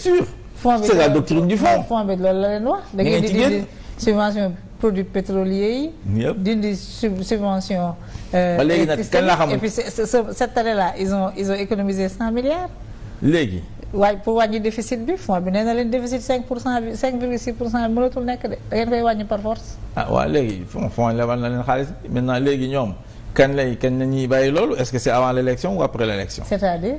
sûr c'est la doctrine du fond fond bi loolu la leen wax da ngeen di dindi subvention produits pétroliers yi yëpp dindi subvention euh, ba léegi nag kan la xam et puis cette année là ils ont ils ont économisé cent milliards léegi waaj pour wàññi déficit bi fond bi nee na leen déficit cinq pour cent bi cinq virgule six pour cent bi mënatul nekk de da ngeen koy wàññi par force ah waaw léegi fond fond lebal na leen xaalis maintenant léegi ñoom kan lay kan la ñuy bàyyi loolu est-ce que c'est avant l'élection ou après l'élection c'est-à-dire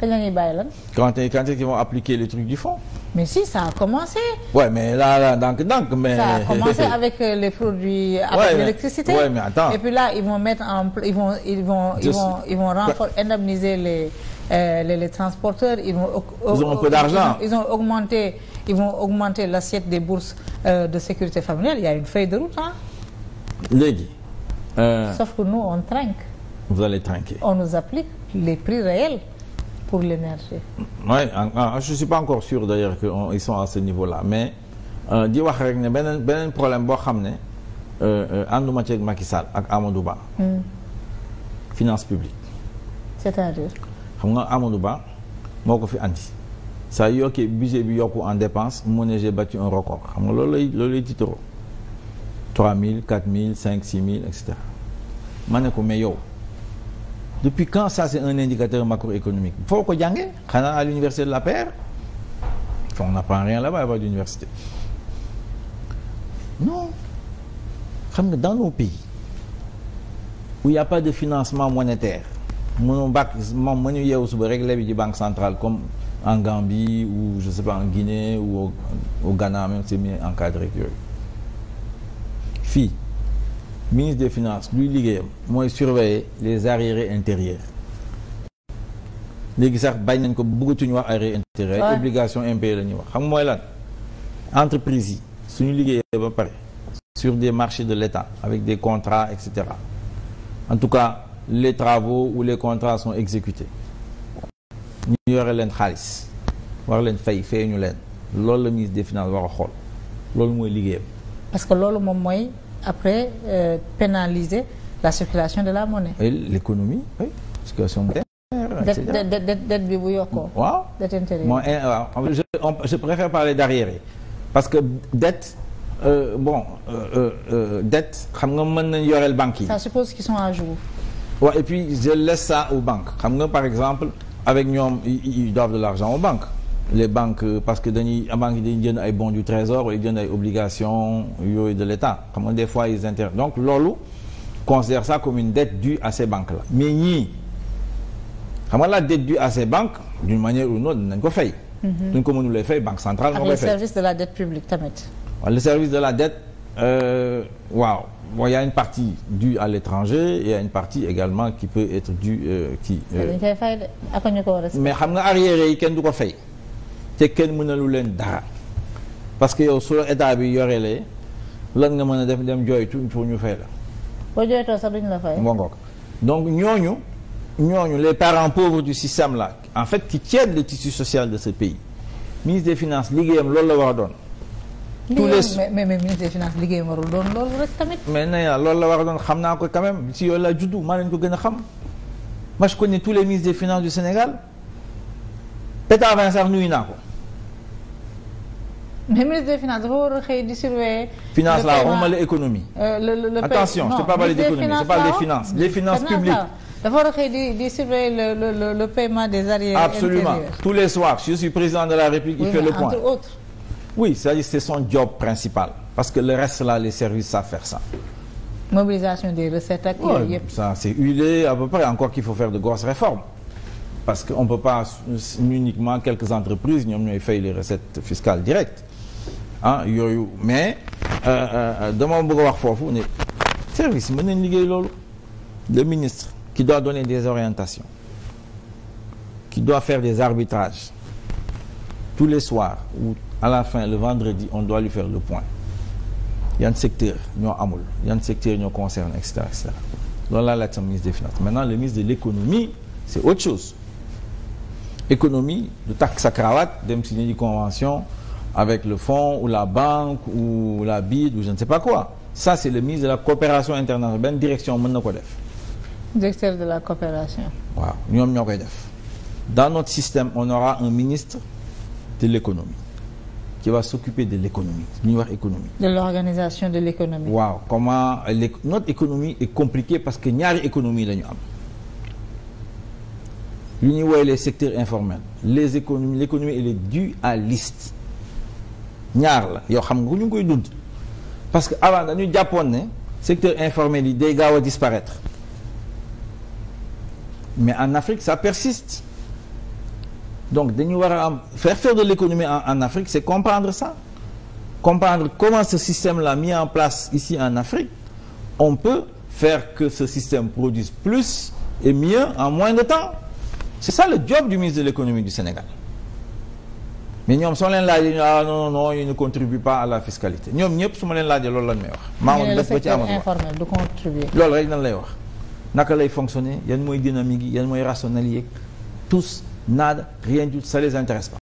kañ la ñuy bàyyi lan. quand quand est-ce qu'ils vont appliquer du fond. mais si ça a commencé. ouais mais là donc donc a commencé avec euh, les produits. avec ouais, l'électricité ouais, mais attends. et là ils vont mettre en ils indemniser les, euh, les les transporteurs ils vont. ils ont un peu augmenté l'assiette des bourses euh, de sécurité familiale il y a une feuille de route ah. léegi. Euh, sauf que nous applique les prix réels. pour l'énergie. oui ah, ah, je suis pas encore sur d'ailleurs qu'ils euh, sont à ce niveau-là mais euh, di wax rek ne beneen beneen problème boo xam ne euh, ànduma ceeg Macky ak Amadou Ba. Hmm. finance publique. c'est-à-dire. xam nga Amadou Ba moo ko fi andi saa yokkee budget bi yo en dépense mu ne j'ai battu record xam nga loolu lay loolu lay tiitaroo 3000 4000 5 6000 et cetera ma ne ko mais yow. depuis quand ça c'est un indicateur macroéconomique foo ko jàngee xanaa à l'université de la paire enfin, on n'apprend rien là-bas à l'université non xam nga dans nos pays où il n'y a pas de financement monétaire mënoo bàq moom mënu yeewu suba rek lebi ci banque centrale comme en Gambie ou je sais pas en Guinée ou au, au Ghana même c'est mieux encadré que yooyu fii ministre des finance luy liggéeyam mooy surveiller les arriérés intérieurs léegi sax bañ nañ ko bëggatuñu wax arriérés intérieurs ay obligations impayées la ñuy wax xam nga mooy lan entreprise yi suñu liggéeyee ba pare sur des marchés de l'État avec des contrats et cetera en tout cas les travaux ou les contrats sont exécutés ñu yore leen xaalis war leen fay feeñu leen loolu la ministre des finances war a xool liggéeyam loolu moom mooy après euh, pénaliser la circulation de la monnaie. et l'économie oui circulation monétaire. dette dette bi bu yokkoo. waaw dette intérieure. mooy eh, je on, je préfère parler d'arrière yi parce que dette euh, bon euh, euh, euh, xam nga mën nañ yoreel banques yi. ça suppose qu'ils sont à jour. je laisse ça au banques xam nga par exemple avec ñoom ils doivent de l'argent aux banques. les banques parce que dañuy banque yi dañuy ay bons du trésor wala jënd ay yooyu de l'État xam des fois ils inter donc loolu considère ça comme une dette due à ces banques là mais ñii xam nga la dette due à ces banques d'une manière ou une autre dinañ ko fay mhm. duñ ko mënulee fay banque centrale moo koy de la dette publique tamit le service de la dette euh, waaw bon y a une partie due à l'étranger il y a une partie également qui peut être due euh, qui euh, mais xam arriéré yi kenn du ko fay te kenn mënalu leen dara parce que yow soo la état bi yorelee lan nga mën a def dem jooytu pour ñu fay la. boo jooytoo sax duñ la donc ñooñu ñooñu les parents pauvres du système la en fait qui tiennent le tissu social de ce pays ministre des finances liggéeyam loolu la war a doon. tous les mais mais ministre des finances liggéeyam mais nee naa loolu la war naa ko quand si yow laa juddu maa leen ko gën a xam moi je connais tous les ministres des finances du Sénégal Pétain Vincent nuyu naa ko. Euh, mais ministre des finances dafa war a xëy di surveiller. finance on parle économie. attention des finances les finances publiques. dafa war a xëy di di surveiller des arriérés absolument tous les soirs je suis président de la République. il fait le point oui c'est-à-dire c'est son job principal. parce que le reste là les services savent faire ça. mobilisation des recettes ak yooyu yëpp. ça c'est huilé à peu près encore qu'il faut faire de grosses réformes. Euh, ñoom ñooy fay les recettes fiscales directes. ah yooyu mais euh, euh, euh, dama bëgg a wax foofu ne service mën nañ liggéey loolu le ministre qui doit donner des orientations qui doit faire des arbitrages tous les soirs ou à la fin le vendredi on doit lui faire le point yan secteur ñoo amul yan secteur ñoo concerné et cetera et cetera loolu laa laaj sama ministre des finances maintenant le ministre de l'économie c'est autre chose économie du takk sa cravate dem signer di convention avec le fonds ou la banque ou la BID ou je ne sais pas quoi ça c'est le ministre de la coopération internationale benn direction mën na ko def directeur de la coopération waaw ñoom ñoo koy def dans notre système on aura un ministre de l'économie qui va s'occuper de l'économie ñuy wax économie de l'organisation de l'économie waaw comment notre économie est compliquée parce que ñaari économie la ñu am lu ñuy wooye les secteurs les économies l'économie elle est due à ñaar la yoo xam nga ñu ngi koy dund parce que avant dañu jàppoon ne secteur informel yi day gaaw a disparaître mais en Afrique ça persiste donc dañu war a am faire faire de l'économie en, en Afrique c'est comprendre ça comprendre comment ce système la mis en place ici en Afrique on peut faire que ce système produise plus et mieux en moins de temps c'est ça le job du ministre de l'économie du Sénégal mais ñoom soo leen laajee ñu ah non non ñu ne contribue pas à la fiscalité ñoom ñëpp su ma leen laajee loolu lañ may wax. maamoon def ba ci amoon informel du contribuer. loolu rek nan lay wax naka lay fonctionner yan mooy dynamique yi yan mooy rationnel yeeg tous nada rien du ça les intéresse pas.